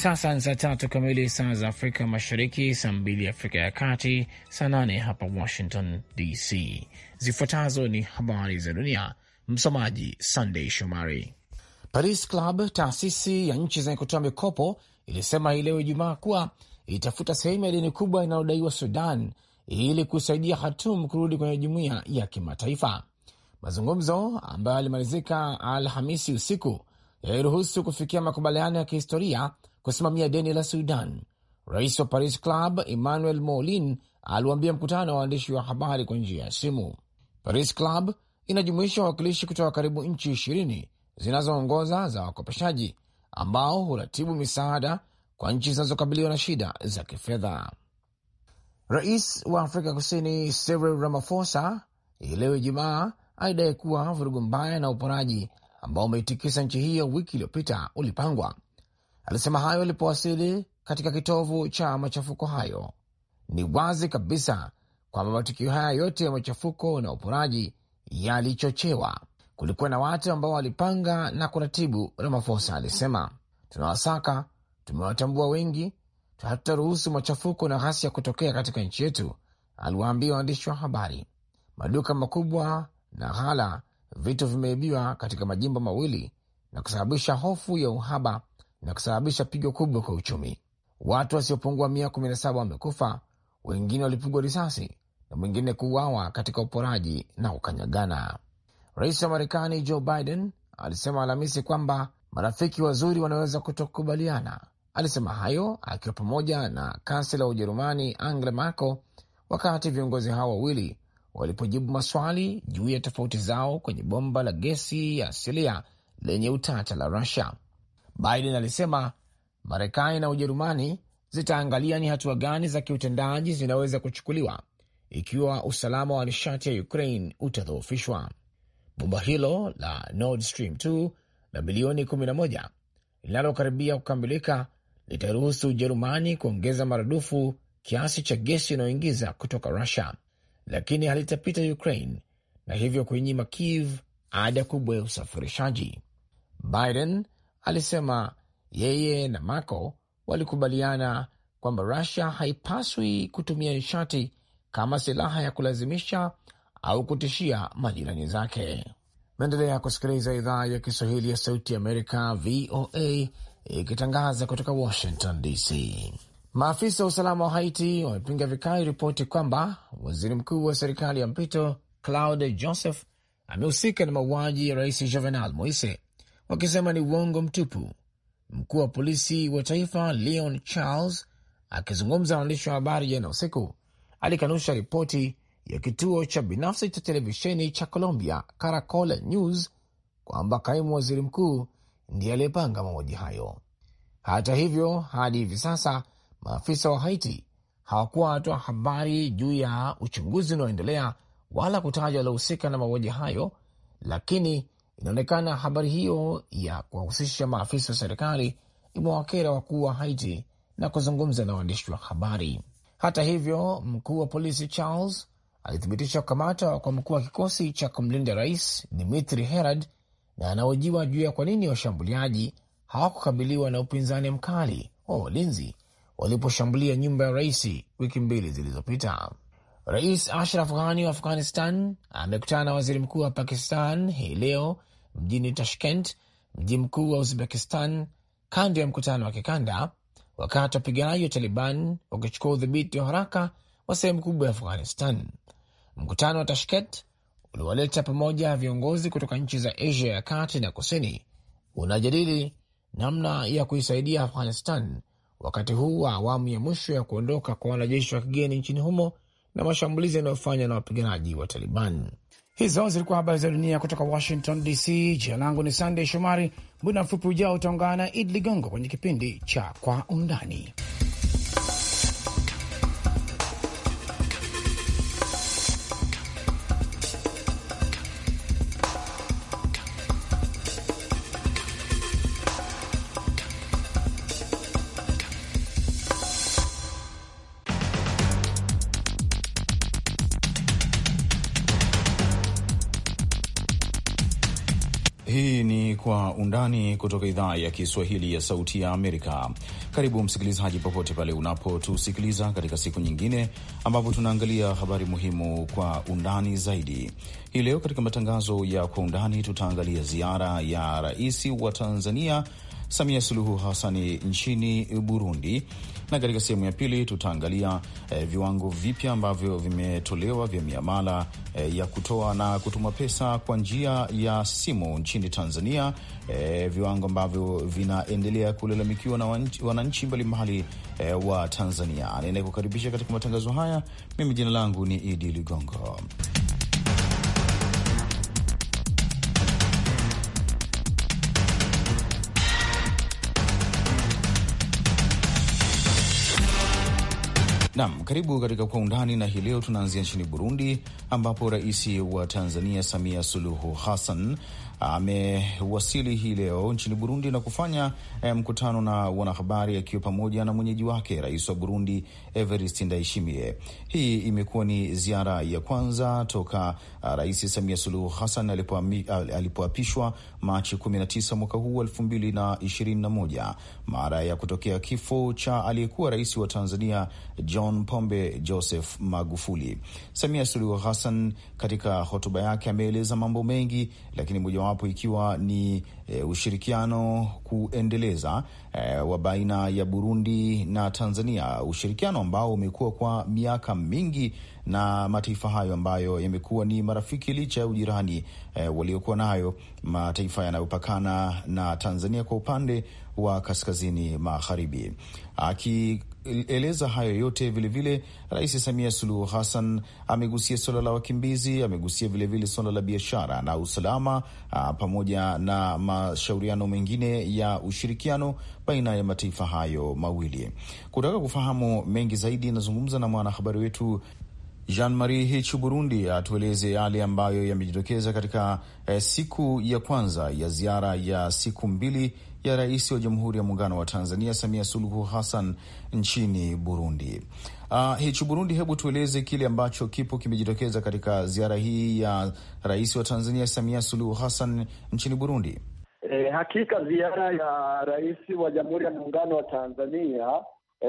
sasa ni saa tatu kamili saa za Afrika Mashariki, saa mbili Afrika ya Kati, saa nane hapa Washington DC. Zifuatazo ni habari za dunia, msomaji Sandey Shomari. Paris Club, taasisi ya nchi zenye kutoa mikopo, ilisema hii leo Ijumaa kuwa itafuta sehemu ya deni kubwa inayodaiwa Sudan ili kusaidia Hatum kurudi kwenye jumuiya ya kimataifa. Mazungumzo ambayo yalimalizika Alhamisi usiku yaliruhusu kufikia makubaliano ya kihistoria kusimamia deni la Sudan. Rais wa Paris Club Emmanuel Molin aliwaambia mkutano wa waandishi wa habari kwa njia ya simu. Paris Club inajumuisha wawakilishi kutoka karibu nchi ishirini zinazoongoza za wakopeshaji ambao huratibu misaada kwa nchi zinazokabiliwa na shida za kifedha. Rais wa Afrika Kusini Cyril Ramaphosa hii leo Ijumaa alidai kuwa vurugu mbaya na uporaji ambao umeitikisa nchi hiyo wiki iliyopita ulipangwa Alisema hayo alipowasili katika kitovu cha machafuko hayo. Ni wazi kabisa kwamba matukio haya yote ya machafuko na uporaji yalichochewa. Kulikuwa na watu ambao walipanga na kuratibu, ramafosa alisema. Tunawasaka, tumewatambua wengi, hatutaruhusu machafuko na ghasia kutokea katika nchi yetu, aliwaambia waandishi wa habari. Maduka makubwa na ghala, vitu vimeibiwa katika majimbo mawili na kusababisha hofu ya uhaba na kusababisha pigo kubwa kwa uchumi. Watu wasiopungua mia kumi na saba wamekufa, wengine walipigwa risasi na mwingine kuuawa katika uporaji na ukanyagana. Rais wa Marekani Joe Biden alisema Alhamisi kwamba marafiki wazuri wanaweza kutokubaliana. Alisema hayo akiwa pamoja na kansela wa Ujerumani Angela Merkel wakati viongozi hao wawili walipojibu maswali juu ya tofauti zao kwenye bomba la gesi ya asilia lenye utata la Rusia. Biden alisema Marekani na Ujerumani zitaangalia ni hatua gani za kiutendaji zinaweza kuchukuliwa ikiwa usalama wa nishati ya Ukraine utadhoofishwa. Bomba hilo la Nord Stream 2 la bilioni 11 linalokaribia kukamilika litaruhusu Ujerumani kuongeza maradufu kiasi cha gesi inayoingiza kutoka Rusia, lakini halitapita Ukraine na hivyo kuinyima Kiev ada kubwa ya usafirishaji. Biden alisema yeye na Mako walikubaliana kwamba Rusia haipaswi kutumia nishati kama silaha ya kulazimisha au kutishia majirani zake. Naendelea kusikiliza idhaa ya Kiswahili ya Sauti Amerika, VOA, ikitangaza kutoka Washington DC. Maafisa wa usalama wa Haiti wamepinga vikali ripoti kwamba waziri mkuu wa serikali ya mpito Claude Joseph amehusika na mauaji ya rais Jovenal Moise wakisema ni uongo mtupu. Mkuu wa polisi wa taifa Leon Charles akizungumza na waandishi wa habari jana usiku alikanusha ripoti ya kituo cha binafsi cha televisheni cha Colombia Caracol News kwamba kaimu waziri mkuu ndiye aliyepanga mauaji hayo. Hata hivyo, hadi hivi sasa maafisa wa Haiti hawakuwa wanatoa habari juu ya uchunguzi unaoendelea wala kutaja waliohusika na mauaji hayo, lakini Inaonekana habari hiyo ya kuwahusisha maafisa wa serikali imewakera wakuu wa Haiti na kuzungumza na waandishi wa habari. Hata hivyo, mkuu wa polisi Charles alithibitisha kukamata kwa mkuu wa kikosi cha kumlinda rais Dimitri Herard na anaojiwa juu ya kwa nini washambuliaji hawakukabiliwa na upinzani mkali wa walinzi waliposhambulia nyumba ya rais wiki mbili zilizopita. Rais Ashraf Ghani wa Afghanistan amekutana na waziri mkuu wa Pakistan hii leo mjini Tashkent, mji mkuu wa Uzbekistan, kando ya mkutano wa kikanda, wakati wapiganaji wa Taliban wakichukua udhibiti wa haraka wa sehemu kubwa ya Afghanistan. Mkutano wa Tashkent uliwaleta pamoja viongozi kutoka nchi za Asia ya kati na kusini, unajadili namna ya kuisaidia Afghanistan wakati huu wa awamu ya mwisho ya kuondoka kwa wanajeshi wa kigeni nchini humo na mashambulizi yanayofanywa na wapiganaji wa Taliban. Hizo zilikuwa habari za dunia kutoka Washington DC. Jina langu ni Sandey Shomari. Muda mfupi ujao utaungana na Id Ligongo kwenye kipindi cha Kwa Undani. kutoka idhaa ya Kiswahili ya Sauti ya Amerika. Karibu msikilizaji, popote pale unapotusikiliza katika siku nyingine ambapo tunaangalia habari muhimu kwa undani zaidi. Hii leo katika matangazo ya Kwa Undani tutaangalia ziara ya rais wa Tanzania Samia Suluhu Hasani nchini Burundi na katika sehemu ya pili tutaangalia eh, viwango vipya ambavyo vimetolewa vya miamala eh, ya kutoa na kutuma pesa kwa njia ya simu nchini Tanzania, eh, viwango ambavyo vinaendelea kulalamikiwa na wananchi mbalimbali eh, wa Tanzania. Ninayekukaribisha katika matangazo haya mimi, jina langu ni Idi Ligongo. Nam, karibu katika Kwa Undani, na hii leo tunaanzia nchini Burundi, ambapo rais wa Tanzania Samia Suluhu Hassan amewasili hii leo nchini Burundi na kufanya eh, mkutano na wanahabari akiwa pamoja na mwenyeji wake rais wa Burundi Evarist Ndaishimie. Hii imekuwa ni ziara ya kwanza toka uh, Rais Samia Suluhu Hassan alipoapishwa Machi 19 mwaka huu 2021 mara ya kutokea kifo cha aliyekuwa rais wa Tanzania John Pombe Joseph Magufuli. Samia Suluhu Hassan katika hotuba yake ameeleza mambo mengi, lakini mojawapo ikiwa ni e, ushirikiano kuendeleza e, wa baina ya Burundi na Tanzania, ushirikiano ambao umekuwa kwa miaka mingi na mataifa hayo ambayo yamekuwa ni marafiki licha ya ujirani e, waliokuwa nayo mataifa yanayopakana na Tanzania kwa upande wa kaskazini magharibi. Aki eleza hayo yote vilevile, Rais Samia Suluhu Hassan amegusia suala la wakimbizi, amegusia vilevile suala la biashara na usalama a, ah, pamoja na mashauriano mengine ya ushirikiano baina ya mataifa hayo mawili. Kutaka kufahamu mengi zaidi, nazungumza na mwanahabari wetu Jean Marie Hichu Burundi atueleze yale ambayo yamejitokeza katika eh, siku ya kwanza ya ziara ya siku mbili ya Rais wa Jamhuri ya Muungano wa Tanzania Samia Suluhu Hassan nchini Burundi. Uh, hichi Burundi, hebu tueleze kile ambacho kipo kimejitokeza katika ziara hii ya Rais wa Tanzania Samia Suluhu Hassan nchini Burundi. E, hakika ziara ya Rais wa Jamhuri ya Muungano wa Tanzania e,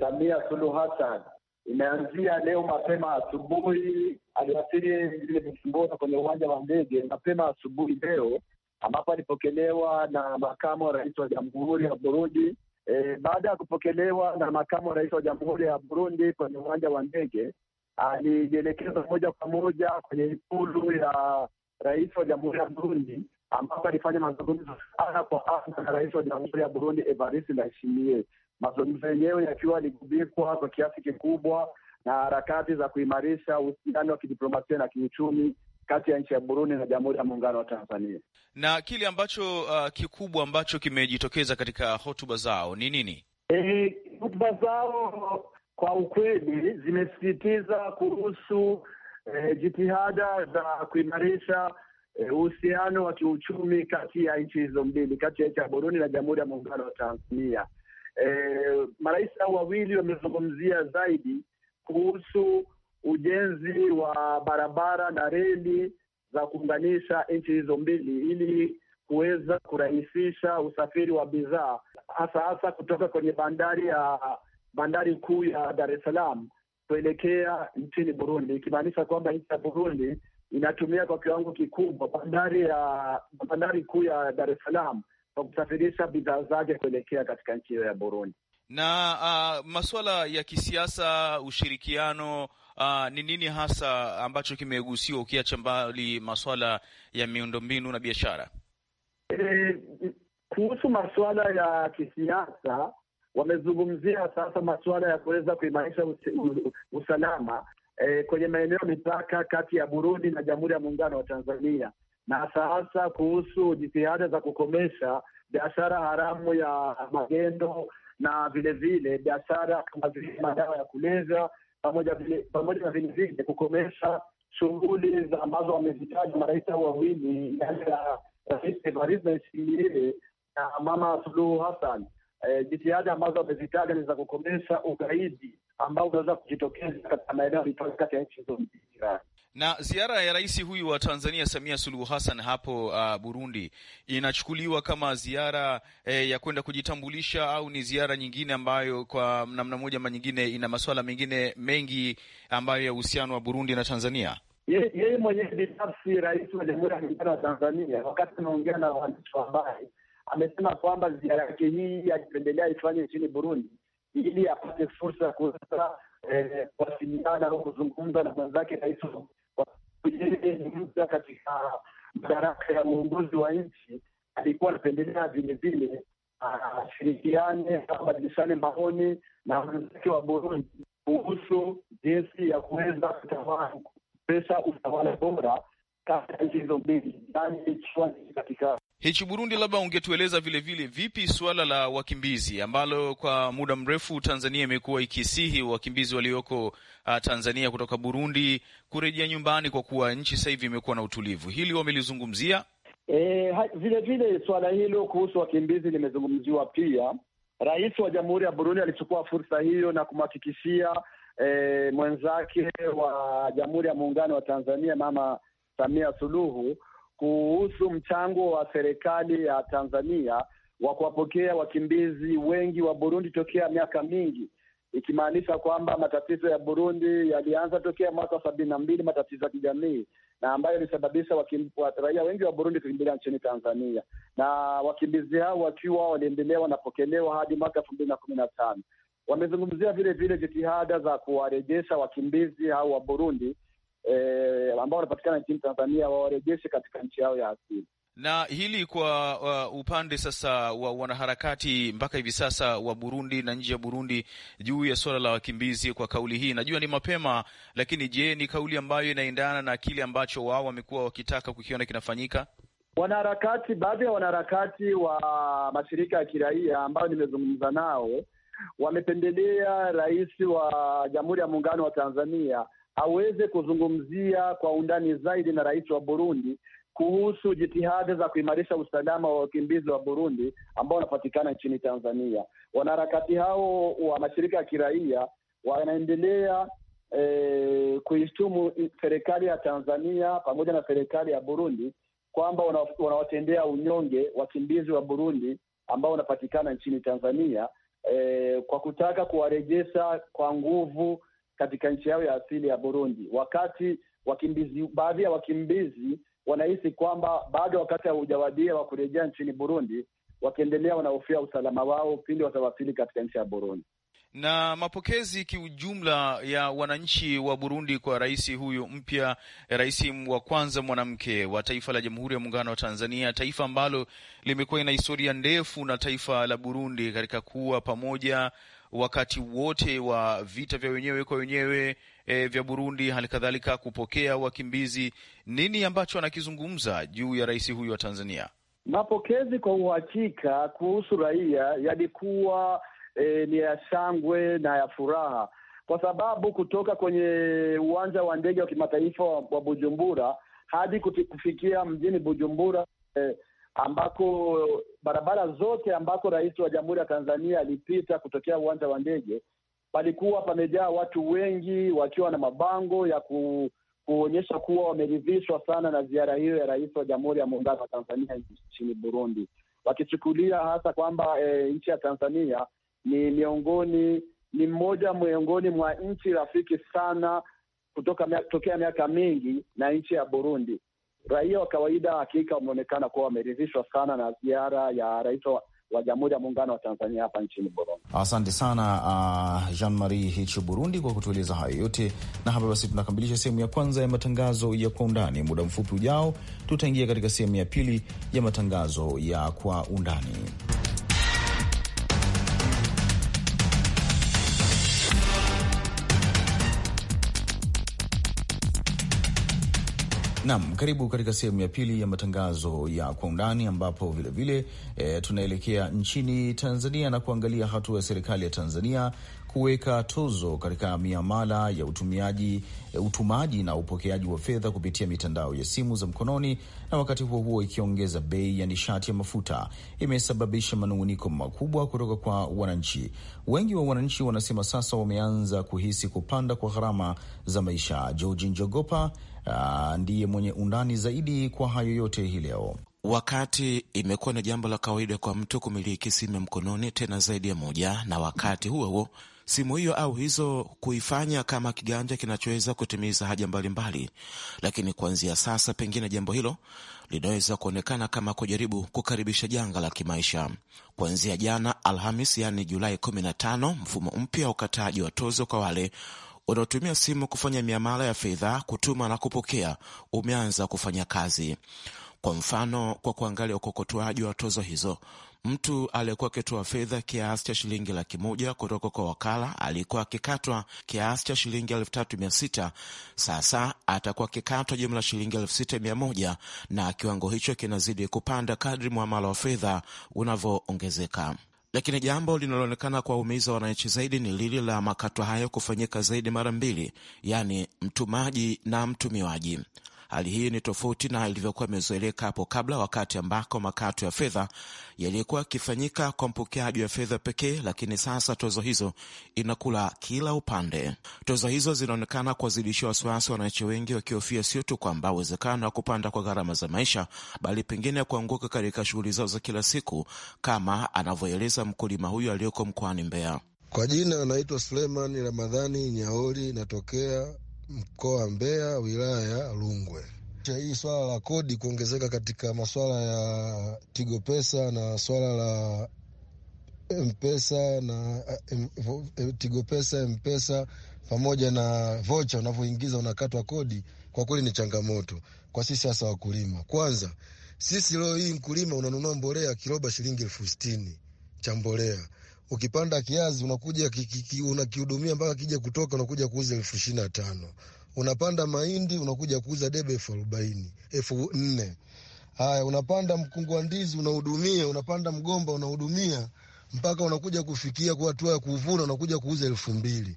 Samia Suluhu Hassan imeanzia leo mapema asubuhi. Aliwasili mjini Bujumbura kwenye uwanja wa ndege mapema asubuhi leo ambapo alipokelewa na makamu wa rais wa jamhuri ya Burundi. E, baada ya kupokelewa na makamu wa rais wa jamhuri ya Burundi kwenye uwanja wa ndege, alijielekeza moja kwa moja kwenye ikulu ya rais wa jamhuri ya Burundi ambapo alifanya mazungumzo ana kwa ana na rais wa jamhuri ya Burundi Evariste Ndayishimiye, mazungumzo yenyewe yakiwa aligubikwa kwa kiasi kikubwa na harakati za kuimarisha uhusiano wa kidiplomasia na kiuchumi kati ya nchi ya Burundi na Jamhuri ya Muungano wa Tanzania. Na kile ambacho uh, kikubwa ambacho kimejitokeza katika hotuba zao ni nini? E, hotuba zao kwa ukweli zimesisitiza kuhusu e, jitihada za kuimarisha e, uhusiano wa kiuchumi kati ya nchi hizo mbili, kati ya nchi ya Burundi na Jamhuri ya Muungano wa Tanzania. E, marais hao wawili wamezungumzia zaidi kuhusu ujenzi wa barabara na reli za kuunganisha nchi hizo mbili ili kuweza kurahisisha usafiri wa bidhaa hasa hasa kutoka kwenye bandari ya bandari kuu ya Dar es Salaam kuelekea nchini Burundi, ikimaanisha kwamba nchi ya Burundi inatumia kwa kiwango kikubwa bandari ya bandari kuu ya Dar es Salaam kwa kusafirisha bidhaa zake kuelekea katika nchi hiyo ya Burundi. Na uh, masuala ya kisiasa, ushirikiano Ah, ni uh, nini hasa ambacho kimegusiwa ukiacha mbali maswala ya miundombinu na biashara? E, kuhusu masuala ya kisiasa wamezungumzia sasa masuala ya kuweza kuimarisha us usalama e, kwenye maeneo ya mipaka kati ya Burundi na Jamhuri ya Muungano wa Tanzania na sasa kuhusu jitihada za kukomesha biashara haramu ya magendo na vilevile biashara kama vile madawa ya kulevya pamoja na vile vile kukomesha shughuli ambazo wamezitaja marais hao wawili, yale ya Rais Evariste Ndayishimiye na Mama Suluhu Hassan. Eh, jitihada ambazo wamezitaja ni za kukomesha ugaidi ambao unaweza kujitokeza katika maeneo kati ya nchi hizo jirani. Na ziara ya rais huyu wa Tanzania Samia Suluhu Hassan hapo uh, Burundi inachukuliwa kama ziara eh, ya kwenda kujitambulisha au ni ziara nyingine ambayo kwa namna moja ama nyingine ina masuala mengine mengi ambayo ya uhusiano wa Burundi na Tanzania? Yeye mwenyewe binafsi, rais wa Jamhuri ya Muungano wa Tanzania, wakati ameongea na waandishi wa habari, amesema kwamba ziara yake hii akipendelea ifanye nchini Burundi ili apate fursa ya kuweza eh, kuwasiliana au kuzungumza na mwenzake rais ni katika madaraka ya uongozi wa nchi, alikuwa anapendelea vilevile ah, ashirikiane abadilishane maoni na wenzake wa Burundi kuhusu jinsi ya kuweza kutawala pesa utawala bora kati ya nchi hizo mbili, yaani ikiwa katika hichi Burundi, labda ungetueleza vilevile vipi suala la wakimbizi ambalo kwa muda mrefu Tanzania imekuwa ikisihi wakimbizi walioko uh, Tanzania kutoka Burundi kurejea nyumbani kwa kuwa nchi sasa hivi imekuwa na utulivu. Hili wamelizungumzia vilevile. Vile suala hilo kuhusu wakimbizi limezungumziwa pia. Rais wa Jamhuri ya Burundi alichukua fursa hiyo na kumhakikishia eh, mwenzake wa Jamhuri ya Muungano wa Tanzania Mama Samia Suluhu kuhusu mchango wa serikali ya Tanzania wa kuwapokea wakimbizi wengi wa Burundi tokea miaka mingi, ikimaanisha kwamba matatizo ya Burundi yalianza tokea mwaka sabini na mbili, matatizo ya kijamii na ambayo ilisababisha raia wengi wa Burundi kukimbilia nchini Tanzania, na wakimbizi hao wakiwa waliendelea wanapokelewa hadi mwaka elfu mbili na kumi na tano. Wamezungumzia vile vile jitihada za kuwarejesha wakimbizi hao wa Burundi eh, ambao wanapatikana nchini Tanzania wawarejeshe katika nchi yao ya asili na hili kwa uh, upande sasa wa wanaharakati mpaka hivi sasa wa Burundi na nje ya Burundi juu ya suala la wakimbizi. Kwa kauli hii, najua ni mapema, lakini je, ni kauli ambayo inaendana na kile ambacho wao wamekuwa wakitaka kukiona kinafanyika? Wanaharakati, baadhi ya wanaharakati wa mashirika ya kiraia ambayo nimezungumza nao wamependelea Rais wa Jamhuri ya Muungano wa Tanzania aweze kuzungumzia kwa undani zaidi na rais wa Burundi kuhusu jitihada za kuimarisha usalama wa wakimbizi wa Burundi ambao wanapatikana nchini Tanzania. Wanaharakati hao wa mashirika ya kiraia wanaendelea eh, kuishtumu serikali ya Tanzania pamoja na serikali ya Burundi kwamba wanawatendea unyonge wakimbizi wa Burundi ambao wanapatikana nchini Tanzania eh, kwa kutaka kuwarejesha kwa nguvu katika nchi yao ya asili ya Burundi, wakati wakimbizi, baadhi ya wakimbizi wanahisi kwamba bado wakati haujawadia wa kurejea nchini Burundi, wakiendelea wanahofia usalama wao pindi watawasili katika nchi ya Burundi. Na mapokezi kiujumla ya wananchi wa Burundi kwa rais huyu mpya, rais wa kwanza mwanamke wa taifa la Jamhuri ya Muungano wa Tanzania, taifa ambalo limekuwa ina historia ndefu na taifa la Burundi katika kuwa pamoja wakati wote wa vita vya wenyewe kwa wenyewe e, vya Burundi, hali kadhalika kupokea wakimbizi. Nini ambacho anakizungumza juu ya rais huyu wa Tanzania? Mapokezi kwa uhakika kuhusu raia yalikuwa e, ni ya shangwe na ya furaha, kwa sababu kutoka kwenye uwanja wa ndege wa kimataifa wa Bujumbura hadi kufikia mjini Bujumbura e, ambako barabara zote ambako rais wa Jamhuri ya Tanzania alipita kutokea uwanja wa ndege palikuwa pamejaa watu wengi wakiwa na mabango ya ku, kuonyesha kuwa wameridhishwa sana na ziara hiyo ya rais wa Jamhuri ya Muungano wa Tanzania nchini Burundi, wakichukulia hasa kwamba e, nchi ya Tanzania ni miongoni ni mmoja miongoni mwa nchi rafiki sana kutoka tokea miaka mingi na nchi ya Burundi. Raia wa kawaida hakika wameonekana kuwa wameridhishwa sana na ziara ya rais wa Jamhuri ya Muungano wa Tanzania hapa nchini Burundi. Asante sana uh, Jean Marie Hicho Burundi kwa kutueleza hayo yote, na hapa basi tunakamilisha sehemu ya kwanza ya matangazo ya kwa undani. Muda mfupi ujao, tutaingia katika sehemu ya pili ya matangazo ya kwa undani. Naam, karibu katika sehemu ya pili ya matangazo ya kwa undani ambapo vilevile e, eh, tunaelekea nchini Tanzania na kuangalia hatua ya serikali ya Tanzania kuweka tozo katika miamala ya utumiaji, utumaji na upokeaji wa fedha kupitia mitandao ya simu za mkononi, na wakati huo huo ikiongeza bei ya nishati ya mafuta, imesababisha manunguniko makubwa kutoka kwa wananchi. Wengi wa wananchi wanasema sasa wameanza kuhisi kupanda kwa gharama za maisha. Georgi Njogopa ah, ndiye mwenye undani zaidi kwa hayo yote hii leo. Wakati imekuwa ni jambo la kawaida kwa mtu kumiliki simu ya mkononi, tena zaidi ya moja, na wakati huo huo simu hiyo au hizo kuifanya kama kiganja kinachoweza kutimiza haja mbalimbali, lakini kuanzia sasa, pengine jambo hilo linaweza kuonekana kama kujaribu kukaribisha janga la kimaisha. Kuanzia jana Alhamis, yaani Julai 15, mfumo mpya wa ukataji wa tozo kwa wale unaotumia simu kufanya miamala ya fedha, kutuma na kupokea umeanza kufanya kazi. Kwa mfano, kwa kuangalia ukokotoaji wa tozo hizo Mtu aliyekuwa akitoa fedha kiasi cha shilingi laki moja kutoka kwa wakala alikuwa akikatwa kiasi cha shilingi elfu tatu mia sita sasa atakuwa akikatwa jumla shilingi elfu sita mia moja na kiwango hicho kinazidi kupanda kadri mwamala wa fedha unavyoongezeka. Lakini jambo linaloonekana kuwaumiza wananchi zaidi ni lili la makato hayo kufanyika zaidi mara mbili, yaani mtumaji na mtumiwaji. Hali hii ni tofauti na ilivyokuwa imezoeleka hapo kabla, wakati ambako makato ya fedha yaliyokuwa yakifanyika kwa mpokeaji wa fedha pekee, lakini sasa tozo hizo inakula kila upande. Tozo hizo zinaonekana kuwazidishia wasiwasi wananchi wengi, wakihofia sio tu kwamba uwezekano wa kupanda kwa gharama za maisha, bali pengine kuanguka katika shughuli zao za kila siku, kama anavyoeleza mkulima huyu aliyoko mkoani Mbeya. Kwa jina anaitwa Suleimani Ramadhani Nyaoli, natokea mkoa Mbeya, wilaya ya Rungwe. Hii swala la kodi kuongezeka katika maswala ya Tigo Pesa na swala la Mpesa na eh, eh, Tigo Pesa, Mpesa pamoja na vocha unavyoingiza unakatwa kodi, kwa kweli ni changamoto kwa sisi hasa wakulima. Kwanza sisi leo hii mkulima unanunua mbolea kiroba shilingi elfu sitini cha mbolea Ukipanda kiazi unakuja unakihudumia mpaka kija kutoka, unakuja kuuza elfu ishirini na tano. Unapanda mahindi unakuja kuuza debe elfu arobaini elfu nne. Haya, unapanda mkungu wa ndizi unahudumia, unapanda mgomba unahudumia mpaka unakuja kufikia kwa hatua ya kuvuna, unakuja kuuza elfu mbili.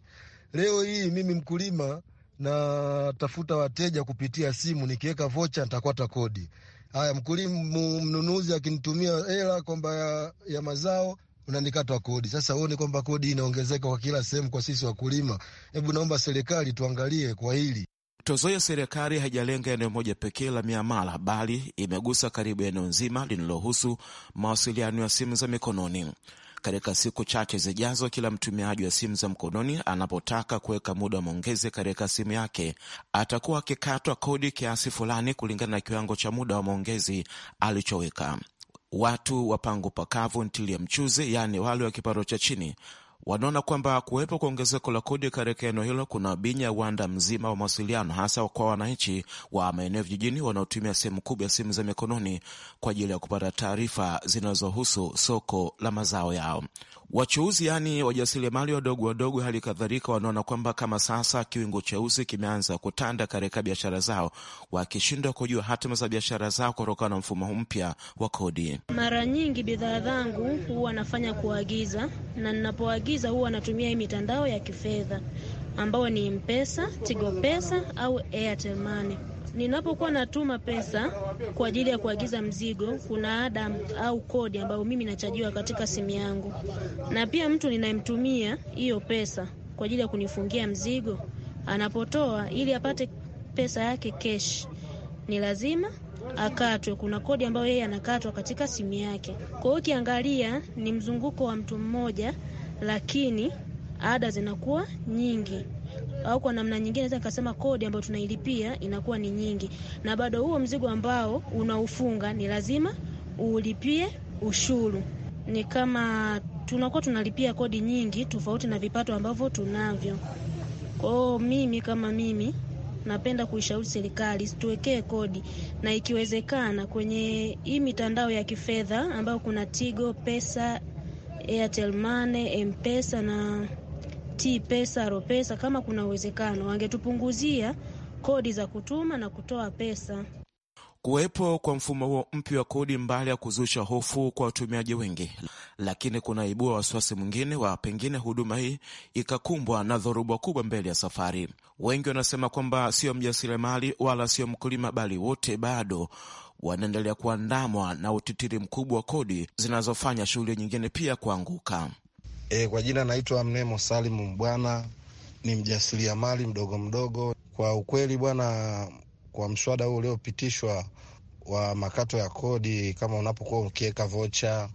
Leo hii mimi mkulima natafuta wateja kupitia simu, nikiweka vocha nitakwata kodi. Haya, mkulima mnunuzi akinitumia hela kwamba ya, ya mazao unanikatwa kodi. Sasa uone kwamba kodi inaongezeka kwa kila sehemu kwa sisi wakulima. Hebu naomba serikali tuangalie kwa hili. Tozo ya serikali haijalenga eneo moja pekee la miamala, bali imegusa karibu eneo nzima linalohusu mawasiliano ya simu za mikononi. Katika siku chache zijazo, kila mtumiaji wa simu za mkononi anapotaka kuweka muda wa maongezi katika simu yake atakuwa akikatwa kodi kiasi fulani kulingana na kiwango cha muda wa maongezi alichoweka watu wa pango pakavu ntili ya mchuzi, yaani wale wa kipato cha chini, wanaona kwamba kuwepo kwa ongezeko la kodi katika eneo hilo kuna binya uwanda mzima wa mawasiliano, hasa kwa wananchi wa maeneo vijijini wanaotumia sehemu kubwa ya simu za mikononi kwa ajili ya kupata taarifa zinazohusu soko la mazao yao wachuuzi yaani wajasiriamali wadogo wadogo, hali kadhalika wanaona kwamba kama sasa kiwingu cheusi kimeanza kutanda katika biashara zao, wakishindwa kujua hatima za biashara zao kutokana na mfumo mpya wa kodi. Mara nyingi bidhaa zangu huwa nafanya kuagiza, na ninapoagiza huwa natumia hii mitandao ya kifedha ambayo ni Mpesa, Tigo Pesa au Airtel Money. Ninapokuwa natuma pesa kwa ajili ya kuagiza mzigo, kuna ada au kodi ambayo mimi nachajiwa katika simu yangu, na pia mtu ninayemtumia hiyo pesa kwa ajili ya kunifungia mzigo, anapotoa ili apate pesa yake kesh, ni lazima akatwe. Kuna kodi ambayo yeye anakatwa katika simu yake. Kwa hiyo ukiangalia ni mzunguko wa mtu mmoja, lakini ada zinakuwa nyingi au kwa namna nyingine naweza nikasema kodi ambayo tunailipia inakuwa ni nyingi, na bado huo mzigo ambao unaufunga ni lazima ulipie ushuru. Ni kama tunakuwa tunalipia kodi nyingi tofauti na vipato ambavyo tunavyo. Kwao mimi kama mimi napenda kuishauri serikali situwekee kodi, na ikiwezekana kwenye hii mitandao ya kifedha ambayo kuna Tigo Pesa, Airtel Money, na ti Pesa, pesa, kama kuna uwezekano wangetupunguzia kodi za kutuma na kutoa pesa. Kuwepo kwa mfumo huo mpya wa kodi, mbali ya kuzusha hofu kwa watumiaji wengi, lakini kunaibua wasiwasi mwingine wa pengine huduma hii ikakumbwa na dhoruba kubwa mbele ya safari. Wengi wanasema kwamba sio mjasiriamali wala sio mkulima, bali wote bado wanaendelea kuandamwa na utitiri mkubwa wa kodi zinazofanya shughuli nyingine pia kuanguka. E, kwa jina naitwa Mnemo Salimu bwana, ni mjasiriamali mdogo mdogo. Kwa ukweli bwana, kwa mswada huu uliopitishwa wa makato ya kodi, kama unapokuwa ukiweka vocha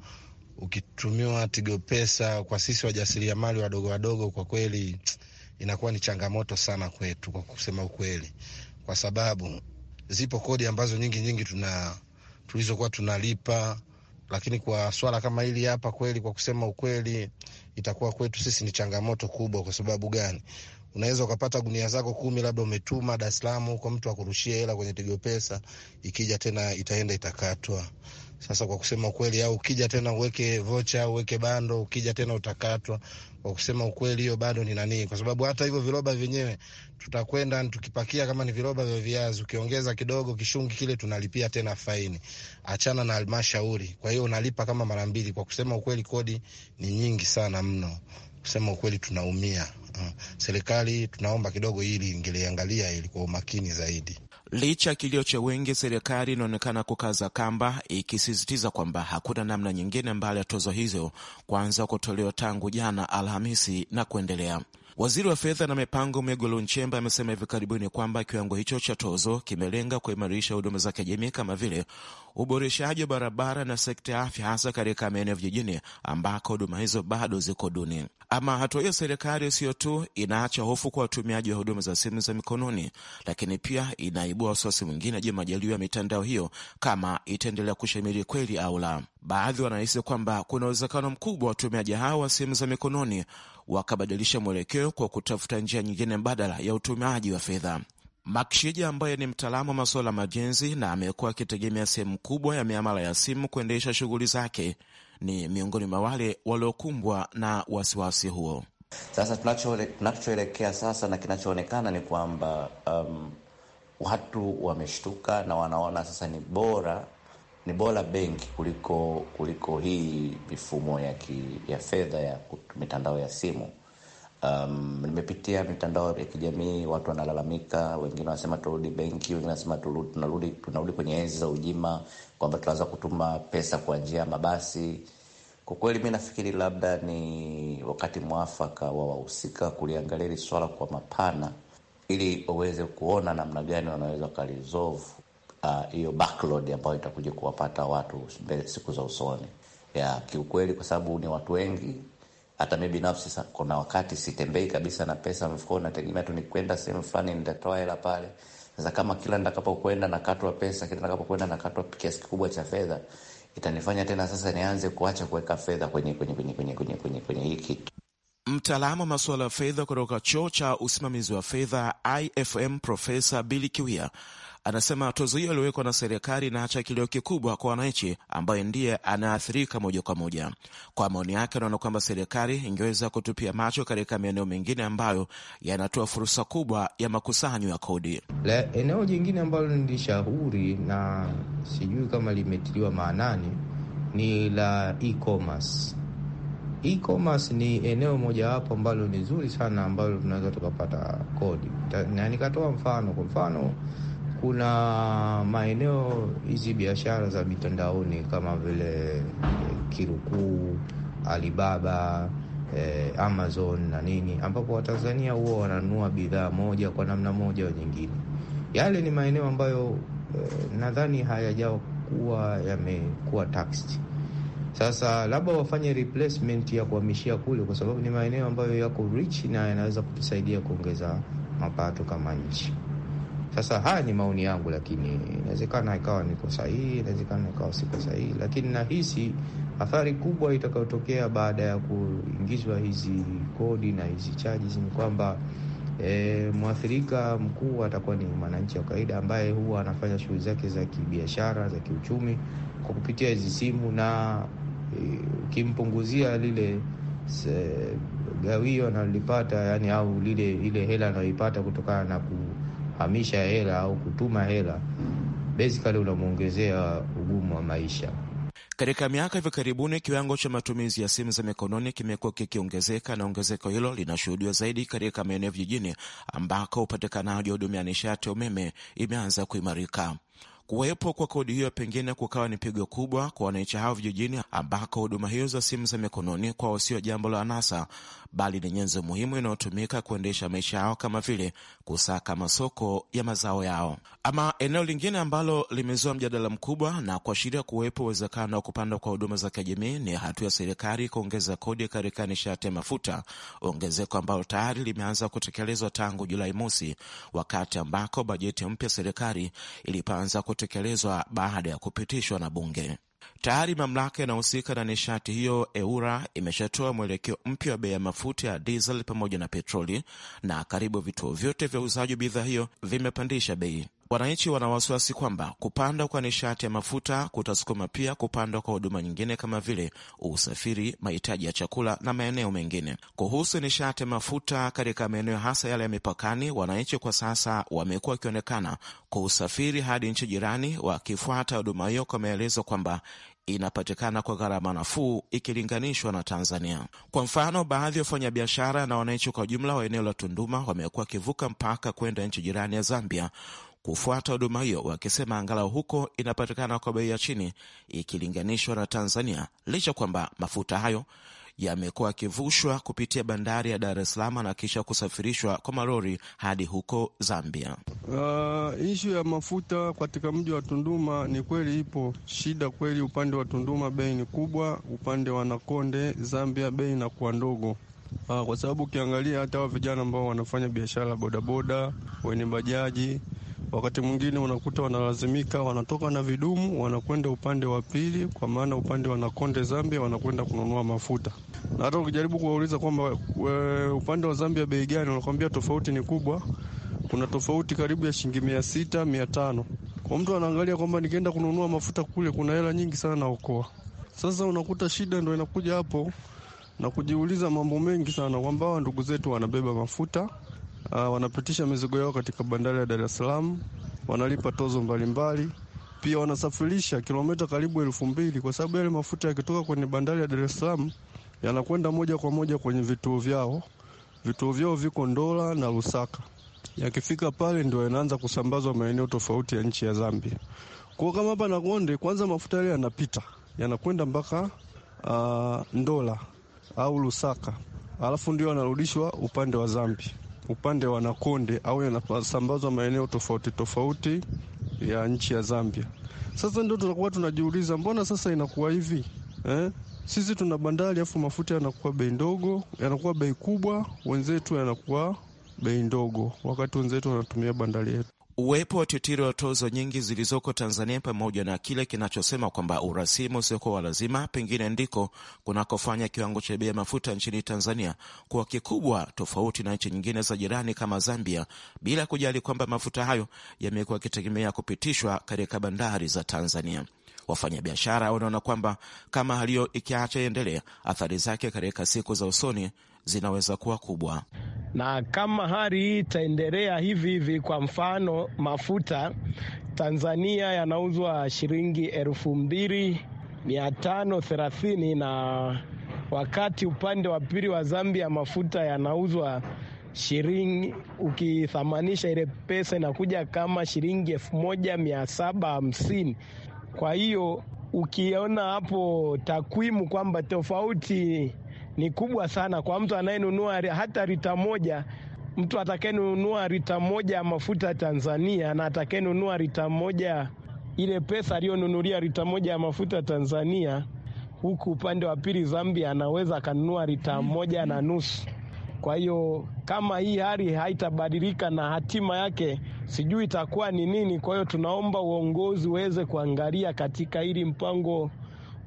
ukitumiwa Tigo Pesa, kwa sisi wajasiriamali wadogo wadogo, kwa kweli inakuwa ni changamoto sana kwetu, kwa kusema ukweli, kwa sababu zipo kodi ambazo nyingi nyingi tuna tulizokuwa tunalipa lakini kwa swala kama hili hapa, kweli, kwa kusema ukweli, itakuwa kwetu sisi ni changamoto kubwa. Kwa sababu gani? Unaweza ukapata gunia zako kumi, labda umetuma Dar es Salaam, kwa mtu akurushia hela kwenye Tigo Pesa, ikija tena itaenda itakatwa. Sasa kwa kusema ukweli, au ukija tena uweke vocha, au uweke bando, ukija tena utakatwa. Kwa kusema ukweli, hiyo bado ni nanii, kwa sababu hata hivyo viroba vyenyewe tutakwenda tukipakia, kama ni viroba vya viazi, ukiongeza kidogo kishungi kile, tunalipia tena faini, achana na halmashauri. Kwa hiyo unalipa kama mara mbili. Kwa kusema ukweli, kodi ni nyingi sana mno. Kusema ukweli, tunaumia. Uh, serikali tunaomba kidogo, ili ingeliangalia ili kwa umakini zaidi. Licha ya kilio cha wengi, serikali inaonekana kukaza kamba, ikisisitiza kwamba hakuna namna nyingine mbali ya tozo hizo kuanza kutolewa tangu jana Alhamisi na kuendelea. Waziri wa fedha na mipango Mwigulu Nchemba amesema hivi karibuni kwamba kiwango hicho cha tozo kimelenga kuimarisha huduma za kijamii kama vile uboreshaji wa barabara na sekta ya afya, hasa katika maeneo vijijini ambako huduma hizo bado ziko duni. Ama hatua hiyo serikali sio tu inaacha hofu kwa watumiaji wa huduma za simu za mikononi, lakini pia inaibua wasiwasi mwingine. ya majaliwa ya mitandao hiyo kama itaendelea kushamiri kweli au la? Baadhi wanahisi kwamba kuna uwezekano mkubwa wa watumiaji hao wa simu za mikononi wakabadilisha mwelekeo kwa kutafuta njia nyingine mbadala ya utumiaji wa fedha. Makshija ambaye ni mtaalamu wa masuala ya majenzi na amekuwa akitegemea sehemu kubwa ya miamala ya simu kuendesha shughuli zake, ni miongoni mwa wale waliokumbwa na wasiwasi huo. Sasa tunachoelekea sasa na kinachoonekana ni kwamba um, watu wameshtuka na wanaona sasa ni bora ni bora benki kuliko kuliko hii mifumo ya, ya fedha ya mitandao ya simu. Um, nimepitia mitandao ya kijamii, watu wanalalamika, wengine wanasema turudi benki, wengine wanasema tunarudi kwenye enzi za ujima, kwamba tunaweza kutuma pesa kwa njia ya mabasi, kwa kweli mi nafikiri labda ni wakati mwafaka wa wahusika kuliangalia hili swala kwa mapana, ili waweze kuona namna gani wanaweza wakalisolve uh, hiyo uh, backlog ambayo itakuja kuwapata watu mbele siku za usoni ya kiukweli, kwa sababu ni watu wengi. Hata mi binafsi kuna wakati sitembei kabisa na pesa mfukoni, nategemea tu nikwenda sehemu fulani nitatoa hela pale. Sasa kama kila nitakapokwenda nakatwa pesa, kila nitakapokwenda nakatwa kiasi kikubwa cha fedha itanifanya tena sasa nianze kuacha kuweka fedha kwenye, kwenye, kwenye, kwenye, kwenye, kwenye, kwenye hii kitu. Mtaalamu wa masuala ya fedha kutoka chuo cha usimamizi wa fedha IFM Profesa bili Kiwia Anasema tozo hiyo iliyowekwa na serikali inaacha kilio kikubwa kwa wananchi, ambaye ndiye anaathirika moja kwa moja. Kwa maoni yake, anaona kwamba serikali ingeweza kutupia macho katika maeneo mengine ambayo yanatoa fursa kubwa ya makusanyo ya kodi. Le, eneo jingine ambalo nilishauri na sijui kama limetiliwa maanani ni la e-commerce. E-commerce ni eneo mojawapo ambalo ni zuri sana ambalo tunaweza tukapata kodi, na nikatoa mfano, kwa mfano kuna maeneo hizi biashara za mitandaoni kama vile eh, Kirukuu, Alibaba, eh, Amazon na nini, ambapo Watanzania huwa wananunua bidhaa moja kwa namna moja au nyingine. Yale ni maeneo ambayo eh, nadhani hayajakuwa yamekuwa taxed. Sasa labda wafanye replacement ya kuhamishia kule, kwa sababu ni maeneo ambayo yako rich na yanaweza kutusaidia kuongeza mapato kama nchi. Sasa haya ni maoni yangu, lakini inawezekana ikawa niko sahihi, inawezekana ikawa siko sahihi, lakini nahisi athari kubwa itakayotokea baada ya kuingizwa hizi kodi na hizi charges ni kwamba E, mwathirika mkuu atakuwa ni mwananchi wa kawaida ambaye huwa anafanya shughuli zake za kibiashara za kiuchumi kwa kupitia hizi simu, na eh, ukimpunguzia e, lile se, eh, gawio analipata yani, au lile ile hela anayoipata kutokana na ku kuhamisha hela au kutuma hela, basically unamwongezea ugumu wa maisha. Katika miaka hivi karibuni kiwango cha matumizi ya simu za mikononi kimekuwa kikiongezeka, na ongezeko hilo linashuhudiwa zaidi katika maeneo vijijini ambako upatikanaji wa huduma ya nishati ya umeme imeanza kuimarika. Kuwepo kwa kodi hiyo pengine kukawa ni pigo kubwa kwa wananchi hao vijijini, ambako huduma hiyo za simu za mikononi kwao sio jambo la anasa, bali ni nyenzo muhimu inayotumika kuendesha maisha yao, kama vile kusaka masoko ya mazao yao. Ama eneo lingine ambalo limezua mjadala mkubwa na kuashiria kuwepo uwezekano wa kupanda kwa huduma za kijamii ni hatua ya serikali kuongeza kodi katika nishati ya mafuta, ongezeko ambalo tayari limeanza kutekelezwa tangu Julai mosi, wakati ambako bajeti mpya serikali ilipoanza kutekelezwa baada ya kupitishwa na bunge. Tayari mamlaka yanayohusika na nishati hiyo EURA imeshatoa mwelekeo mpya wa bei ya mafuta ya dizeli pamoja na petroli, na karibu vituo vyote vya uuzaji bidhaa hiyo vimepandisha bei. Wananchi wana wasiwasi kwamba kupanda kwa nishati ya mafuta kutasukuma pia kupanda kwa huduma nyingine kama vile usafiri, mahitaji ya chakula na maeneo mengine. Kuhusu nishati ya mafuta katika maeneo hasa yale ya mipakani, wananchi kwa sasa wamekuwa wakionekana kuusafiri hadi nchi jirani, wakifuata huduma hiyo kwa maelezo kwamba inapatikana kwa gharama nafuu ikilinganishwa na Tanzania. Kwa mfano, baadhi ya wafanyabiashara na wananchi kwa ujumla wa eneo la Tunduma wamekuwa wakivuka mpaka kwenda nchi jirani ya Zambia kufuata huduma hiyo, wakisema angalau huko inapatikana kwa bei ya chini ikilinganishwa na Tanzania, licha kwamba mafuta hayo yamekuwa yakivushwa kupitia bandari ya Dar es Salaam na kisha kusafirishwa kwa malori hadi huko Zambia. Uh, ishu ya mafuta katika mji wa Tunduma ni kweli ipo shida kweli. Upande wa Tunduma bei ni kubwa, upande wa Nakonde Zambia bei inakuwa ndogo. Uh, kwa sababu ukiangalia hata hawa vijana ambao wanafanya biashara bodaboda, wenye bajaji wakati mwingine unakuta wanalazimika wanatoka na vidumu wanakwenda upande wa pili, kwa maana upande wa Nakonde Zambia wanakwenda kununua mafuta na hata ukijaribu kuwauliza kwamba upande wa Zambia bei gani, wanakuambia tofauti ni kubwa, kuna tofauti karibu ya shilingi mia sita mia tano kwa mtu anaangalia kwamba nikienda kununua mafuta kule kuna hela nyingi sana naokoa. Sasa unakuta shida ndo inakuja hapo na kujiuliza mambo mengi sana, kwamba hawa ndugu zetu wanabeba mafuta uh, wanapitisha mizigo yao katika bandari ya Dar es Salaam, wanalipa tozo mbalimbali mbali. Pia wanasafirisha kilomita karibu elfu mbili kwa sababu yale mafuta yakitoka kwenye bandari ya Dar es Salaam yanakwenda moja kwa moja kwenye vituo vyao. Vituo vyao viko Ndola na Lusaka. Yakifika pale ndio yanaanza kusambazwa maeneo tofauti ya nchi ya Zambia. Kwa kama hapa Nakonde, kwanza mafuta yale yanapita yanakwenda mpaka uh, Ndola au Lusaka, alafu ndio yanarudishwa upande wa Zambi, upande wa Nakonde au yanasambazwa maeneo tofauti tofauti ya nchi ya Zambia. Sasa ndio tunakuwa tunajiuliza mbona sasa inakuwa hivi eh? Sisi tuna bandari, afu mafuta yanakuwa bei ndogo, yanakuwa bei kubwa, wenzetu yanakuwa bei ndogo, wakati wenzetu wanatumia bandari yetu. Uwepo wa titiri wa tozo nyingi zilizoko Tanzania pamoja na kile kinachosema kwamba urasimu usiokuwa wa lazima pengine ndiko kunakofanya kiwango cha bei ya mafuta nchini Tanzania kuwa kikubwa tofauti na nchi nyingine za jirani kama Zambia, bila kujali kwamba mafuta hayo yamekuwa yakitegemea kupitishwa katika bandari za Tanzania. Wafanyabiashara wanaona kwamba kama hali hiyo ikiacha iendelee, athari zake katika siku za usoni zinaweza kuwa kubwa, na kama hali hii itaendelea hivi hivi, kwa mfano mafuta Tanzania yanauzwa shilingi elfu mbili mia tano thelathini na wakati upande wa pili wa Zambia mafuta yanauzwa shilingi ukithamanisha ile pesa inakuja kama shilingi elfu moja mia saba hamsini. Kwa hiyo ukiona hapo takwimu kwamba tofauti ni kubwa sana kwa mtu anayenunua hata lita moja, mtu atakayenunua lita moja ya mafuta Tanzania na atakayenunua lita moja ile pesa aliyonunulia lita moja ya mafuta Tanzania, huku upande wa pili Zambia anaweza akanunua lita moja na nusu kwa hiyo kama hii hali haitabadilika na hatima yake sijui itakuwa ni nini. Kwa hiyo tunaomba uongozi uweze kuangalia katika hili mpango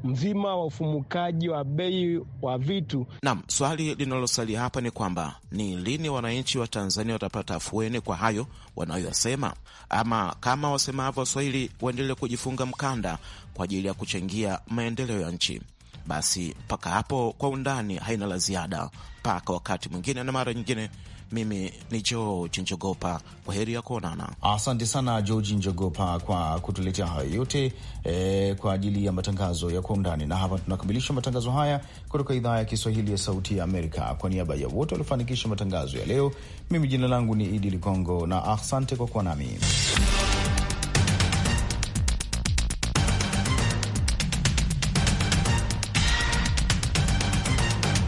mzima wa ufumukaji wa bei wa vitu. Naam, swali linalosalia hapa ni kwamba ni lini wananchi wa Tanzania watapata afueni kwa hayo wanayosema, ama kama wasemavyo Waswahili, waendelee kujifunga mkanda kwa ajili ya kuchangia maendeleo ya nchi. Basi mpaka hapo kwa undani haina la ziada, mpaka wakati mwingine na mara nyingine. Mimi ni George Njogopa, kwa heri ya kuonana. Asante sana George Njogopa kwa kutuletea hayo yote eh, kwa ajili ya matangazo ya kwa undani. Na hapa tunakamilisha matangazo haya kutoka idhaa ya Kiswahili ya Sauti ya Amerika. Kwa niaba ya wote waliofanikisha matangazo ya leo, mimi jina langu ni Idi Ligongo na asante kwa kuwa nami.